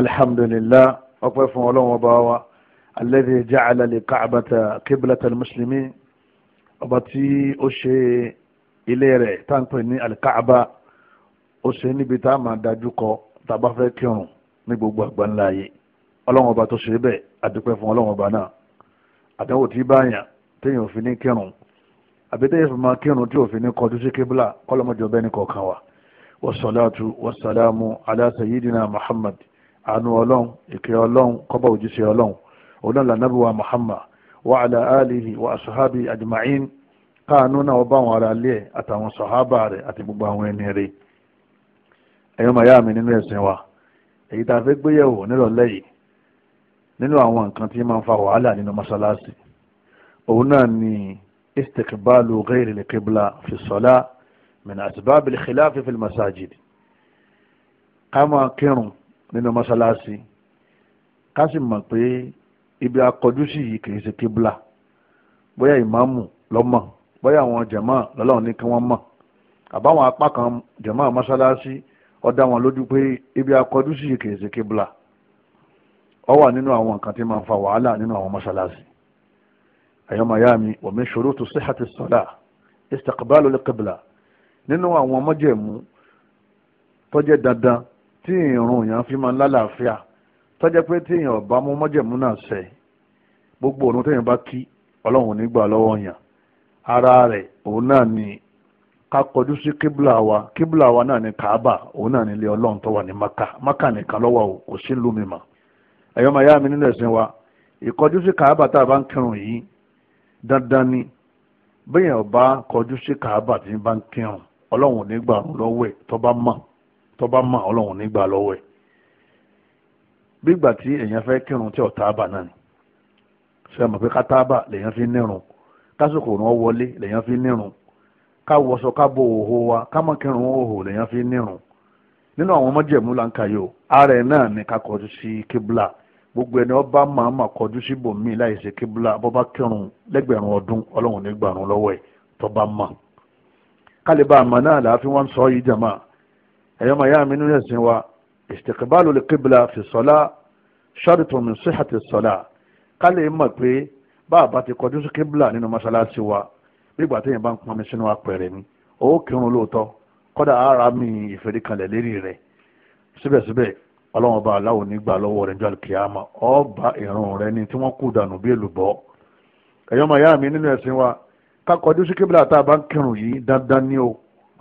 alhamdulillah ọpẹ́ fún ọlọ́run ọba wa alladhi ja'ala li ka'bata qiblata al-muslimin ọba tí ó ṣe ilé rẹ̀ táǹpẹ̀ ní alikaaba ó ṣe níbi tá a máa dájú kọ tá a bá fẹ́ kírun ní gbogbo àgbáńlá yìí ọlọ́run ọba tó ṣe bẹ́ẹ̀ àdúpẹ́ fún ọlọ́run ọba náà àdánwò tí báyàn téèyàn ò fi ní kírun àbí téèyàn fi kírun tí ò fi ní kọjú sí kíbla kọ́lọ́mọjọ bẹ́ẹ̀ ní kọ̀ọ̀kan wa wasalaatu wasalaamu ala muhammad àánú ọlọ́run ìkẹ́ ọlọ́run kọ́bọ̀ òjíṣẹ́ ọlọ́run onílà nàbí wa muhammad wa ala alihi wa asahabi ajma'in káànú náà ọba àwọn ará ilé ẹ̀ àtàwọn sọ̀hábà rẹ̀ àti gbogbo àwọn ẹni rẹ̀ ẹ̀yọ́ màyá mi nínú ẹ̀sìn wa èyí tá a fẹ́ gbéyẹ̀wò nírọ̀lẹ́ yìí nínú àwọn nǹkan tí máa ń fa wàhálà nínú mọ́sálásì òun náà ni istikbalu ghayri al-qibla fi salah min asbab al fi masajid ká máa kírun nínú mọ́ṣáláṣí ká sì mọ̀ pé ibi akọjú sí yìí kì í ṣe kíbla bóyá ìmáàmù lọ́mọ̀ bóyá àwọn jàmáà lọ́lọ́run ní kí wọ́n mọ̀ àbáwọn apá kan jàmáà mọ́ṣáláṣí ó dá wọn lójú pé ibi akọjú sí yìí kì í ṣe kíbla ó wà nínú àwọn nǹkan tí máa ń fa wàhálà nínú àwọn mọ́ṣáláṣí ẹ̀yọ́ mayami wa min shurutu sihhati salah istiqbalu liqibla nínú àwọn mọ́jẹ̀mú tó dandan tí ìrun yẹn fi máa ń lálàáfíà tó jẹ́ pé tí èèyàn bá mú mọ́jẹ̀mú náà ṣẹ gbogbo òun téèyàn bá kí ọlọ́run nígbà lọ́wọ́ yàn ara rẹ̀ òun náà ni ká kọjú sí kíbla wa kíbla wa náà ni kaaba òun náà ni ilé ọlọ́run tó wà ní maka maka nìkan lọ́wọ́ o kò sí ìlú mi mọ́ ẹ̀yọ́ máa yá mi nílẹ̀ sin wa ìkọjú sí kaaba tá a bá ń kírun yìí dandan ni bẹ́ẹ̀ yẹn ò bá kọjú sí kaaba tí ń bá ń kírun ọlọ́run nígbà lọ́wọ́ ẹ̀ tó bá mọ̀ tó bá mọ̀ ọlọ́run nígbà lọ́wọ́ ẹ̀ bígbà tí èèyàn fẹ́ kírun tí ọ̀tá bà náà ni ṣe mọ̀ pé kátábà lèèyàn fi nírun kásìkò òrùn wọlé lèèyàn fi nírun káwọṣọ kábò òhò wa kámọkẹrùn òhò lèèyàn fi nírun nínú àwọn ọmọjẹmú láǹkà yìí o ààrẹ náà ni ká kọjú sí kíbla gbogbo ẹni ọba màmá kọjú sí bòmí láì ṣe kíbla bọba kírun lẹ́gbẹ̀rún ọdún Ọlọ́run ní gbàrún lọ́wọ́ ẹ tọba mọ kálíbà àmà náà làá fi wọn sọ yìí jàmáà ẹ̀yọ́ màá yá mi nínú ẹ̀sìn wa istiqbalu li qibla fi salat shartun min sihhati salat ká lè mọ̀ pé báàbá ti kọjú sí kíbla nínú mọ́ṣáláṣí wa nígbà téèyàn bá ń pọnmi sínú apẹ̀rẹ̀ ni ó kírun lóòótọ́ kọ́dà ara mi ìfẹ́rí kanlẹ̀ lérí rẹ̀ síbẹ̀síbẹ̀ ọlọ́run ọba aláwo nígbà lọ́wọ́ rẹ̀ jọ àlùkìyàmà ọba ìrun rẹ̀ ni tí wọ́n kú dànù bí èlùbọ́ ẹ̀yọ́ màá yá mi nínú ẹ̀sìn wa ká kọjú sí kíbla tá a bá ń kírun yìí dandan ni o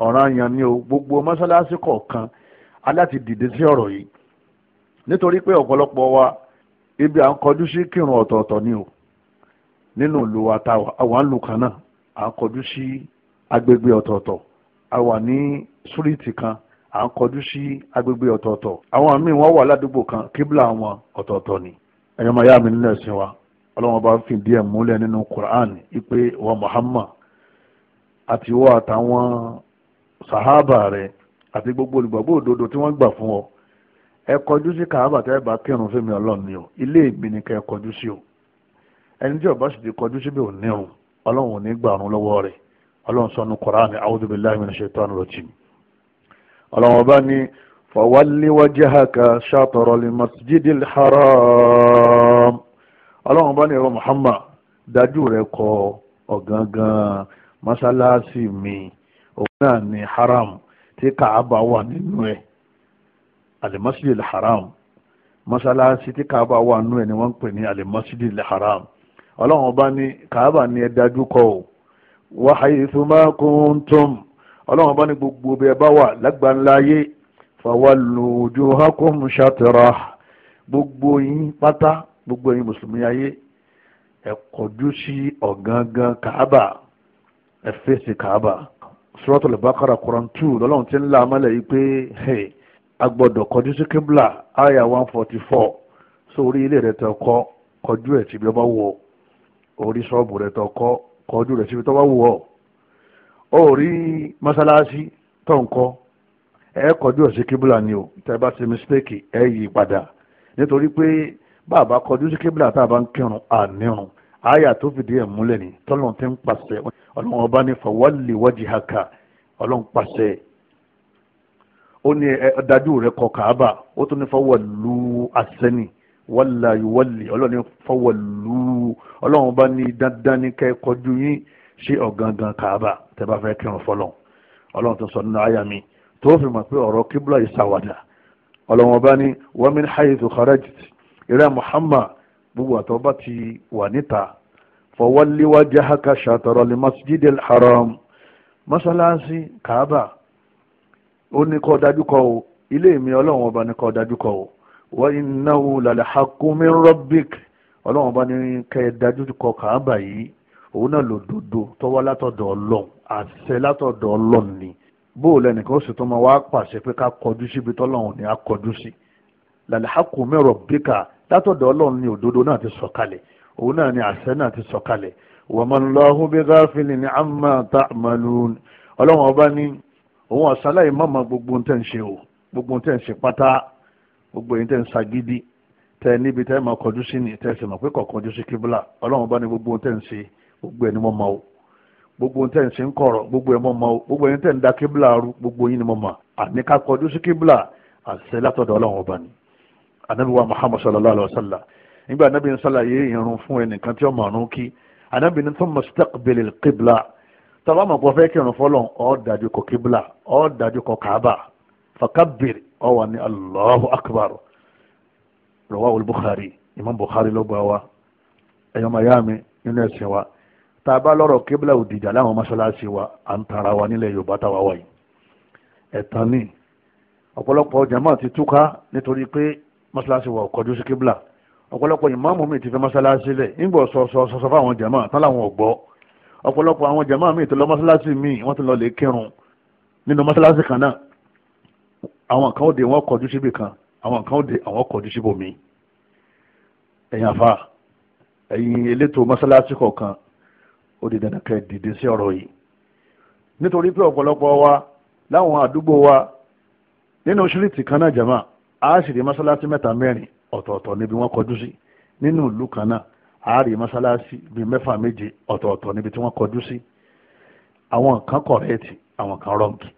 ọ̀ràn yàn ni o gbogbo mọ́sálásí kọ̀ọ̀kan aláti dìde sí ọ̀rọ̀ yìí nítorí pé ọ̀pọ̀lọpọ̀ wa ibi à ń kọjú sí kírun ọ̀tọ̀ọ̀tọ̀ ni o nínú ìlú wa ta àwa ń lu kan náà à ń kọjú sí agbègbè ọ̀tọ̀ọ̀tọ̀ a wà ní súrìtì kan à ń kọjú sí agbègbè ọ̀tọ̀ọ̀tọ̀ àwọn míì wọ́n wà ládùúgbò kan kíbla àwọn ọ̀tọ̀ọ̀tọ̀ ni ẹ̀yọ́ ya yá mi nílẹ̀ sí wa ọlọ́wọ́n bá fìdí ẹ̀ múlẹ̀ nínú Qur'an ipe wa Muhammad àti wa àtàwọn sahaba rẹ àti gbogbo olùgbàgbọ́ òdodo tí wọ́n gbà fún ọ ẹ kọjú sí kàábà tẹ́ bá kírun fún mi ọlọ́run ni o ilé ni kẹ́ ẹ kọjú sí o ẹni tí ọba sì ti kọjú síbi o ọlọ́run ò ní gbà ọ̀run lọ́wọ́ rẹ̀ ọlọ́run kọ́ránì ọlọ́run ọba haram ọlọ́run ọba Muhammad dájú kọ ọ̀gángan masalasi mi. òun náà ni haram tí kaaba wà nínú ẹ̀ alimasidi haram masalasi tí kaaba wà nínú ẹ̀ ni wọ́n ń pè ní alimasidi haram ọlọ́run ọba ní kaaba ni ẹ dájú kọ o wa haythuma kuntum ọlọ́run ọba ní gbogbo bí ẹ bá wà lágbàńláyé fawallu wujuhakum shatrah gbogbo yín pátá gbogbo yín mùsùlùmí ayé ẹ kọjú sí ọ̀gángan kaaba ẹ fèsì kaaba suratul bakara quran two lọ́lọ́run ti ń la amálẹ̀ yìí pé a gbọ́dọ̀ kọjú sí kíbla aya one forty four sórí ilé rẹ̀ tó kọ́ kọjú ẹ̀ síbi ọba wọ̀ orí sọ́ọ̀bù rẹ̀ tó kọ́ kọjú rẹ̀ síbi tó bá wọ̀ ọ́ orí mọ́sálásí tó ń kọ́ ẹ kọjú ẹ̀ sí kíbla ni o tẹ́ bá ti mistake ẹ yí padà nítorí pé bàbá kọjú sí kíbla tá a bá ń kírun ànírun aya tó fìdí ẹ̀ múlẹ̀ ni tọ́lọ́run ti ń pàṣẹ ọlọ́run ọba ní fawalli wajhaka ọlọ́run pàṣẹ ó ní dájú rẹ kọ kàába ó tún ní fawallu asẹ́ni wàlá ìwàlì ọlọ́run ní fawallu ọlọ́run ọba ní dandan ní kẹ́ kọjú yín sí ọ̀gangan kàába tẹ́ bá fẹ́ kírun fọlọ́n ọlọ́run tó sọ nínú àyà mi tó fi mọ̀ pé ọ̀rọ̀ kíbla ìsàwàdà ọlọ́run ọba ní wa min haythu kharajt ìrẹ́ Muhammad gbogbo àtọ́ bá ti wà níta fawalli wajhaka shatral masjidil haram mọ́sálásí kaaba ó ní kó dájú kọ o ilé mi ọlọ́run ọba ní kó dájú kọ o wa innahu lalahaqqu min rabbik ọlọ́run ọba ní kẹ́ ẹ dájú kọ kaaba yìí òun náà lòdodo tó wá látọ̀dọ̀ ọlọ́run àṣẹ látọ̀dọ̀ ọlọ́run ni bóòlù ẹnìkan ó sì tó máa wá pàṣẹ pé ká kọjú síbi tọ́lọ́run ni á kọjú sí lalahaqqu min rabbika látọ̀dọ̀ ọlọ́run ni òdodo náà ti sọ̀kalẹ̀ òun náà ni àṣẹ náà ti sọ̀kalẹ̀ wa ma Allahu bi ghafilin amma ta'malun ọlọ́run ọba ní òun ọ̀sálàyé mọ̀mọ́ gbogbo tẹ̀ ń ṣe o gbogbo tẹ̀ ń ṣe pátá gbogbo yìí tẹ̀ ń ṣagídí tẹ̀ níbi tẹ̀ máa kọjú sí ni tẹ̀ sì mọ̀ pé kọ̀kọ́jú sí kíbla ọlọ́run ọba ní gbogbo tẹ̀ ń ṣe gbogbo ẹ̀ ni mo mọ̀ o gbogbo tẹ̀ ń ṣe ń kọ̀rọ̀ gbogbo ẹ̀ mọ̀ mọ̀ o gbogbo yìí tẹ̀ ń da kíbla rú gbogbo yìí ni mo mọ̀ àní ká kọjú sí kíbla àṣẹ látọ̀dọ̀ ọlọ́run ọba ni anabi wa sallallahu alaihi wa sallam nígbà anábì ń sàlàyé irun fún ẹnìkan tí ó mọ̀ ọ̀run kí anábì ní tó mustaqbilil qibla tọ́lá mọ̀ pọ̀ fẹ́ kí irun fọlọ́n ó dájú kọ qibla ó dájú kọ kaaba fakabbir ó wà ní allahu akbar rawahul bukhari imam bukhari ló gbà wá ẹ̀yọ́ mayami nínú ẹ̀sìn wa tá a bá lọ́rọ̀ qibla òdìjà láwọn mọ́ṣáláṣí wa à ń tara wa nílẹ̀ yorùbá táwa wa ò ọ̀pọ̀lọpọ̀ ìmáàmù mi ti fi mọ́sálásí lẹ̀ nígbà sọ̀sọ̀sọ̀ fáwọn jàmáà tán láwọn ò gbọ́ ọ̀pọ̀lọpọ̀ àwọn jàmáà mi ti lọ mọ́sálásí mi wọ́n ti lọ lè kírun nínú mọ́sálásí kan náà àwọn kan ó de wọ́n kọjú síbi kan àwọn kan ó de àwọn kọjú síbò mi ẹ̀yin àfa ẹ̀yin elétò mọ́sálásí kọ̀ọ̀kan ó di dandan kẹ́ wa láwọn àdúgbò wa nínú ṣíríìtì kan náà jàmáà á ọ̀tọ̀ọ̀tọ̀ níbi wọ́n kọjú sí nínú ìlú kan náà àárí mọ́sálásí bíi mẹ́fà méje ọ̀tọ̀ọ̀tọ̀ níbi tí wọ́n kọjú sí àwọn kan kọ̀rẹ́ẹ̀tì àwọn kan rọ́ǹkì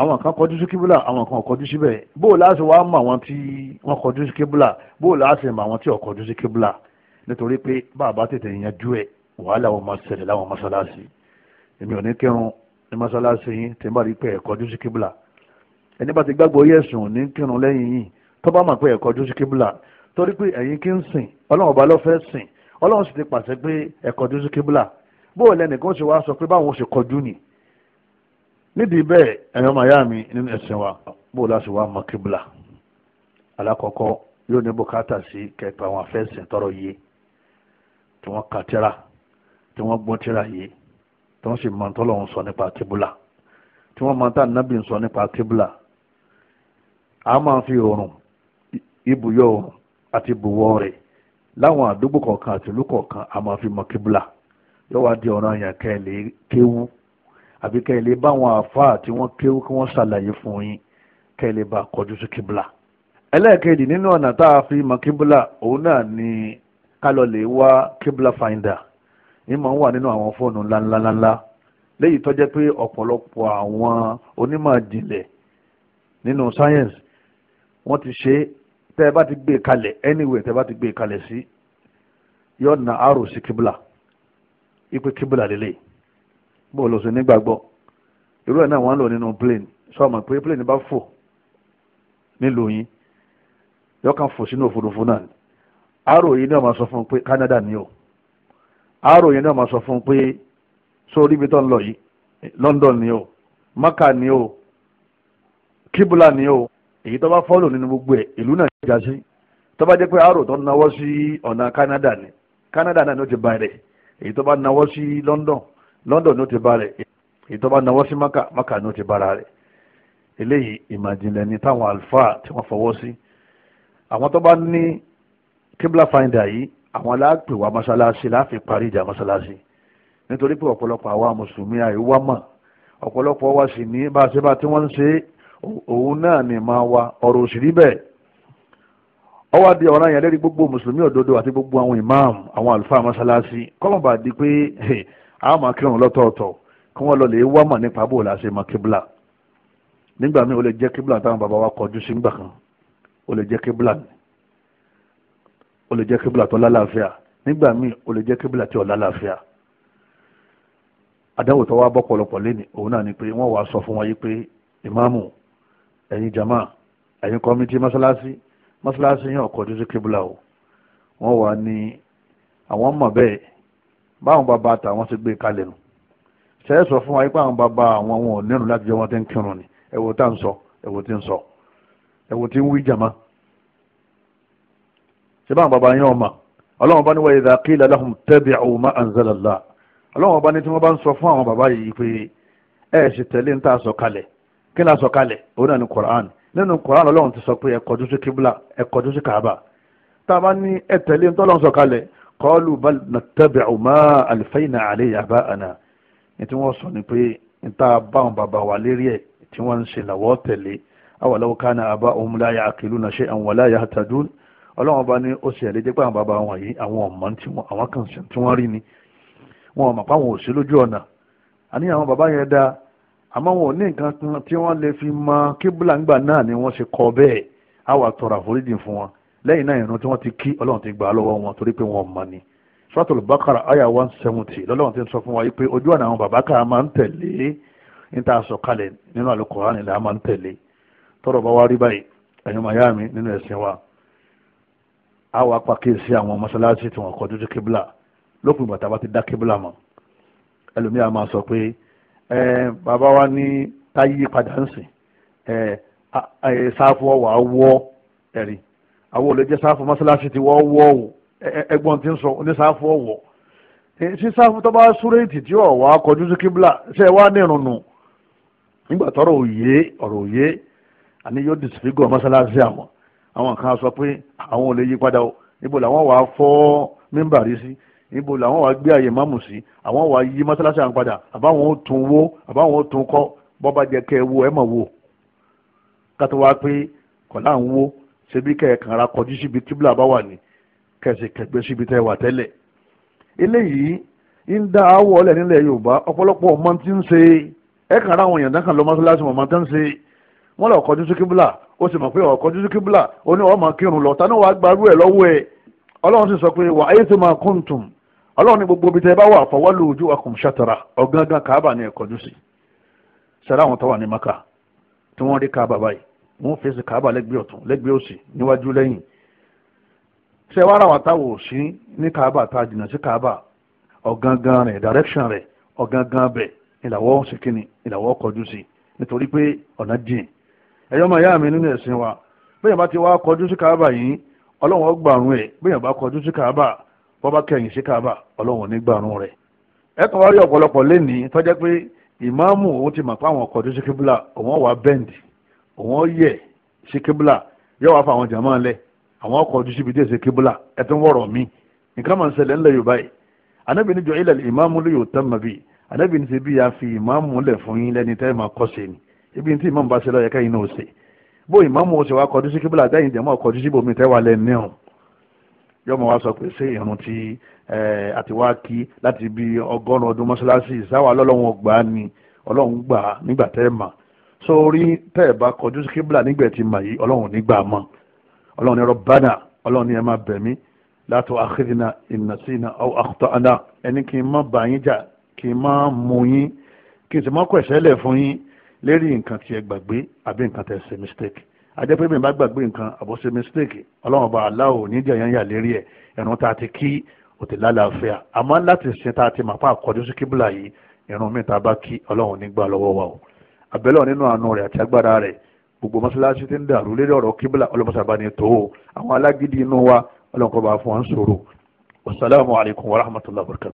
àwọn kan kọjú sí kíbúlà àwọn kan kọjú síbẹ̀ bóò láti wá mọ àwọn tí wọ́n kọjú sí kíbúlà bóò láti mọ àwọn tí ò kọjú sí kíbúlà nítorí pé bàbá tètè yanjú ẹ̀ wàhálà wọn máa ṣẹlẹ̀ láwọn mọ́sálásí èmi ò ní kírun ní mọ́sálásí yín tí bá rí pé ẹ̀ kọjú sí kíbúlà ẹni bá ti gbàgbọ́ yẹ̀sùn ní kírun lẹ́yìn yìí tó bá mọ̀ pé ẹ kọjú sí kíbùlà torí pé ẹ̀yin kí ń sìn ọlọ́run ọba ló fẹ́ sìn ọlọ́run sì ti pàṣẹ pé ẹ kọjú sí kíbùlà bóò lẹ́nìkan ṣe wá sọ pé báwọn ṣe kọjú nì nídìí bẹ́ẹ̀ ẹ̀yọ́ màyá mi nínú ẹ̀sìn wa bóò láti wá mọ kíbùlà alákọ̀ọ́kọ́ yóò ní bùkátà sí kẹpẹ àwọn afẹ́sìn tọrọ yìí tí wọ́n ka tíra tí wọ́n gbọ́ tíra yìí tí wọ́n sì mọ tọ́lọ́hún sọ nípa kíbùlà tí wọ́n mọ tá nábì sọ nípa kíbùlà a máa fi òòrùn ibùyọ àti ibùwọ̀ rẹ̀ láwọn àdúgbò kọ̀ọ̀kan àti ìlú kọ̀ọ̀kan a máa fi mọ kíbùlà yóò wá di ọ̀ràn àyàn kẹ́lẹ́ kéwú àbí kẹ́lẹ́ báwọn àáfàá tí wọ́n kéwú kí wọ́n ṣàlàyé fún yín kẹ́lẹ́ bá kọjú sí kíbùlà. ẹlẹ́ẹ̀kejì nínú ọ̀nà tá a fi mọ kíbùlà òun náà ni kálọ̀ lè wá kíbùlà finder ní mọ̀ ń wà nínú àwọn fóònù ńláńláńlá léyìí tó jẹ́ pé ọ̀pọ̀lọpọ̀ àwọn onímọ̀ ìjìnlẹ̀ nínú science wọ́n ti ṣe tẹ́ bá ti gbé anyway tẹ́ bá ti gbé kalẹ̀ sí yọ na aro sí kibla ipe kibla lélẹ̀ bó lọ sí nígbàgbọ́ irú naa náà wọ́n lò nínú plane ma pé plane bá fò nílùú yín yọ kàn fò sínú òfurufú náà yìí ni wọ́n máa sọ fún un ni o aro yìí ni wọ́n máa sọ fún un pé lọ yìí London ni o Maka ni o kibla ni o èyí tó bá fọ́lò nínú gbogbo ẹ̀ ìlú náà já sí tó bá jẹ́ pé àárò tó náwó sí ọ̀nà Canada ni Canada náà ni ó ti ba rẹ̀ èyí tó bá náwó sí London London ni ó ti ba rẹ̀ èyí tó bá náwó sí Maka Maka ni ó ti bara rẹ̀ eléyìí ìmàjìnlẹ̀ ni táwọn alfa tí wọ́n fọwọ́ sí àwọn tó bá ní kibla finder yìí àwọn aláàpè wa mọ́ṣáláṣí láàfin parí ìjà mọ́ṣáláṣí nítorí pé ọ̀pọ̀lọpọ̀ àwa mùsùlùmí àìwá mọ̀ ọ̀pọ̀lọpọ̀ wa sì ní bá a ṣe bá tí wọ́n ń ṣe é òun náà ni máa wa ọ̀rọ̀ òsì rí bẹ́ẹ̀ ọwọ́ adi ọ̀ràn yẹn lẹ́rìí gbogbo mùsùlùmí òdodo àti gbogbo àwọn imam àwọn àlùfáà mọ́sálásí kọ́mọ̀bà di pé àwọn máa kírun lọ́tọ̀ọ̀tọ̀ kí wọ́n lọ lè wá mọ̀ nípa bó la ṣe máa kíbla nígbà míì ó lè jẹ́ kíbla táwọn bàbá wa kọjú sí ńgbà kan ó lè jẹ́ kíbla ni ó lè jẹ́ kíbla tó lálàáfíà nígbà míì ó lè jẹ́ kíbla tí ò lálàáfíà àdáwò tó bọ́ pọ̀lọpọ̀ lẹ́ni òun náà ni pé wọ́n wàá sọ fún wa yí pé ìmáàmù ẹ̀yin jama ẹ̀yin kọ́mítì mọ́sálásí mọ́sálásí yẹn ọkọ̀ tó ṣe kébùlà o wọ́n wà ní àwọn mọ̀ bẹ́ẹ̀ báwọn bàbá àtàwọn ti gbé kalẹ̀ nù ṣe sọ fún wa pé àwọn bàbá àwọn wọn ò nírun láti jẹ wọn tí ń kírun ni ẹwọ tá ń sọ ẹwọ tí ń sọ ẹwọ tí ń wí jàmá ṣe báwọn bàbá yẹn ọmọ ọlọ́wọ́n bá ní wáyé dà qila lahum tabi'u ma anzala Allah ọlọ́wọ́n bá ní tí wọ́n bá ń sọ fún àwọn bàbá yìí pé ẹ ṣe tẹ̀lé ń tà sọ kalẹ̀ kí la sọ kalẹ̀ òun náà ni Quran nínú Quran Ọlọ́run ti sọ pé ẹ kọjú sí kíbla ẹ kọjú sí kaaba tá a bá ní ẹ tẹ̀lé ń tọ́lọ́run sọ kalẹ̀ qalu bal nattabi'u ma alfayna alayhi aba'ana ní tí wọ́n sọ ni pé n ta bá wọn bàbá wa lérí ẹ̀ tí wọ́n ń ṣe làwọ́ tẹ̀lé awa law kana aba'uhum la ya'qiluna àwọn bàbá wọn àmọ́ wọn ò ní nǹkan kan tí wọ́n lè fi mọ kíbùlà ńgbà náà ni wọ́n ṣe kọ bẹ́ẹ̀ á wà tọrọ àforíjì fún wọn lẹ́yìn náà ìrun tí wọ́n ti kí ọlọ́run ti gbà á lọ́wọ́ wọn torí pé wọn mọ ni suratul bakara aya one seventy lọ́lọ́run ti sọ fún wa pé ojú ọ̀nà àwọn bàbá kan máa ń tẹ̀lé níta sọ kalẹ̀ nínú Al-Qur'an ni là máa ń tẹ̀lé tọrọ bá wá rí báyìí ẹ̀yin màyá mi nínú ẹ̀sìn wa bàbá wa ní táyé padà ń sìn sáfù ọwọ́ àwọ̀ ẹ̀rí àwọn olùjẹ́ sáfù mọ́sálásí ti wọ́ wọ́ o ẹgbọ́n ti ń sọ ní sáfù ọwọ́ sí sáfù tó bá súrèétì tí ò wá kọjú sí kíbla ṣe wá ní ìrùnnù nígbà tọrọ òye ọ̀rọ̀ òye àní yóò dìsífígọ̀ mọ́sálásí àwọn àwọn kan sọ pé àwọn ò lè yí padà o níbo làwọn wàá fọ́ mímbàrí sí níbo làwọn wàá gbé àyè máàmù sí àwọn wàá yí mọ́sálásí àwọn padà àbáwọn ò tún wó àbáwọn ò tún kọ́ bọ́ba jẹ kẹ́ ẹ wo ẹ mọ̀ wo kátó wá pé kọ̀lá ń wo ṣebí kẹ́ ẹ kàn ra kọjú síbi kíbla bá wà ní kẹsì kẹgbẹ́ síbi tẹ́ wà tẹ́lẹ̀ eléyìí ń dá àwọ̀ ọ̀lẹ̀ nílẹ̀ Yorùbá ọ̀pọ̀lọpọ̀ ọmọ ti ń ṣe ẹ kàn ra àwọn èèyàn dákàn lọ mọ́sálásí ọmọ ti ń ṣe wọ́n lọ kọjú sí kíbla ó sì mọ̀ pé ọ̀kọjú sí kíbla ó ní ọmọ kírun lọ tani wàá gbarú ẹ̀ lọ́wọ́ ẹ̀ Ọlọ́run sì sọ pé wà á tó máa kóńtùm ọlọ́run ní gbogbo ibi tẹ́ bá wà fọwọ́lù ojú ọkùnrin ṣàtara ọ̀gángan kàábà ní ẹ̀kọ́jú sí sẹ́rẹ́ àwọn tó wà ní maka tí wọ́n rí kàábà báyìí wọ́n fèsì kàábà lẹ́gbẹ̀ẹ́ ọ̀tún lẹ́gbẹ̀ẹ́ òsì níwájú lẹ́yìn ṣé wàá ràwọn táwọn ò sí ní kàábà tá a jìnnà sí kàábà ọ̀gángan rẹ̀ direction rẹ̀ ọ̀gángan bẹ̀ ìlàwọ́ sìkìnì ìlàwọ́ kọjú sí nítorí pé ọ̀nà jìn ẹ̀ bọ́bá kẹ̀yìn sí káàbà ọlọ́run nígbàrún rẹ̀ ẹ kàn wá rí ọ̀pọ̀lọpọ̀ lẹ́nìí tọ́jẹ́ pé ìmáàmù òun ti mọ̀ pé àwọn ọkọ̀ tó ṣe kébùlà òun wà bẹ́ǹdì òun yẹ ṣe kébùlà yóò wá fa àwọn jàmáà lẹ̀ àwọn ọkọ̀ tó ṣe bìdí ṣe ẹ tó ń wọ̀rọ̀ mi nǹkan máa ń ṣẹlẹ̀ ńlẹ̀ Yorùbá yìí anábì ní ilẹ̀ ìmáàmù ló yóò tán màbí anábì ní ti bí ya fi ìmáàmù lẹ̀ fún yín lẹ́ni tẹ́ máa kọ́ ṣe ni ibi tí ìmáàmù bá ṣe lọ́yẹ káyìn náà ṣe bó ìmáàmù ó ṣe wá kọjú sí kébùlà dáyìn jàmáà kọjú sí bòmí tẹ́ wà lẹ́ni náà yọmọ wa sọ pé ṣé irun tí àti wá kí láti bí ọgọ́rùn ọdún mọ́ṣáláṣí ìsáwà lọ́lọ́run gbà ni ọlọ́run gbà nígbà tẹ́ ẹ mà sórí tẹ́ ẹ bá kọjú sí kíbla nígbà tí mà yìí ọlọ́run nígbà mọ́ ọlọ́run ní rọ́bánà ọlọ́run ní ẹ máa bẹ̀ mí àkìrìnà ìnàsínà àwọn àkùtọ̀ àdá ẹni kì í má bà yín jà kì í má mú yín kì í sì má kọ̀ ẹ̀ṣẹ̀ lẹ̀ fún yín lérí nǹkan tí ẹ gbàgbé àbí nǹkan tẹ̀ ṣe mistake ajẹ́ pé bẹ́ẹ̀ bá gbàgbé nǹkan àbọ̀ṣe mistake ọlọ́run ọba aláwo nídìí ẹ̀yàn yà lérí ẹ̀ ẹ̀rùn tá a ti kí òtí lálàáfíà àmọ́ láti sin tá a ti mà pa sí kíbùlà yìí ẹ̀rùn mi tá bá kí ọlọ́run nígbà lọ́wọ́ wa o àbẹ́lẹ̀ nínú àánú rẹ̀ àti agbára rẹ̀ gbogbo mọ́ṣáláṣí ti ń dàrú lérí ọ̀rọ̀ kíbùlà ọlọ́mọṣàbáni àwọn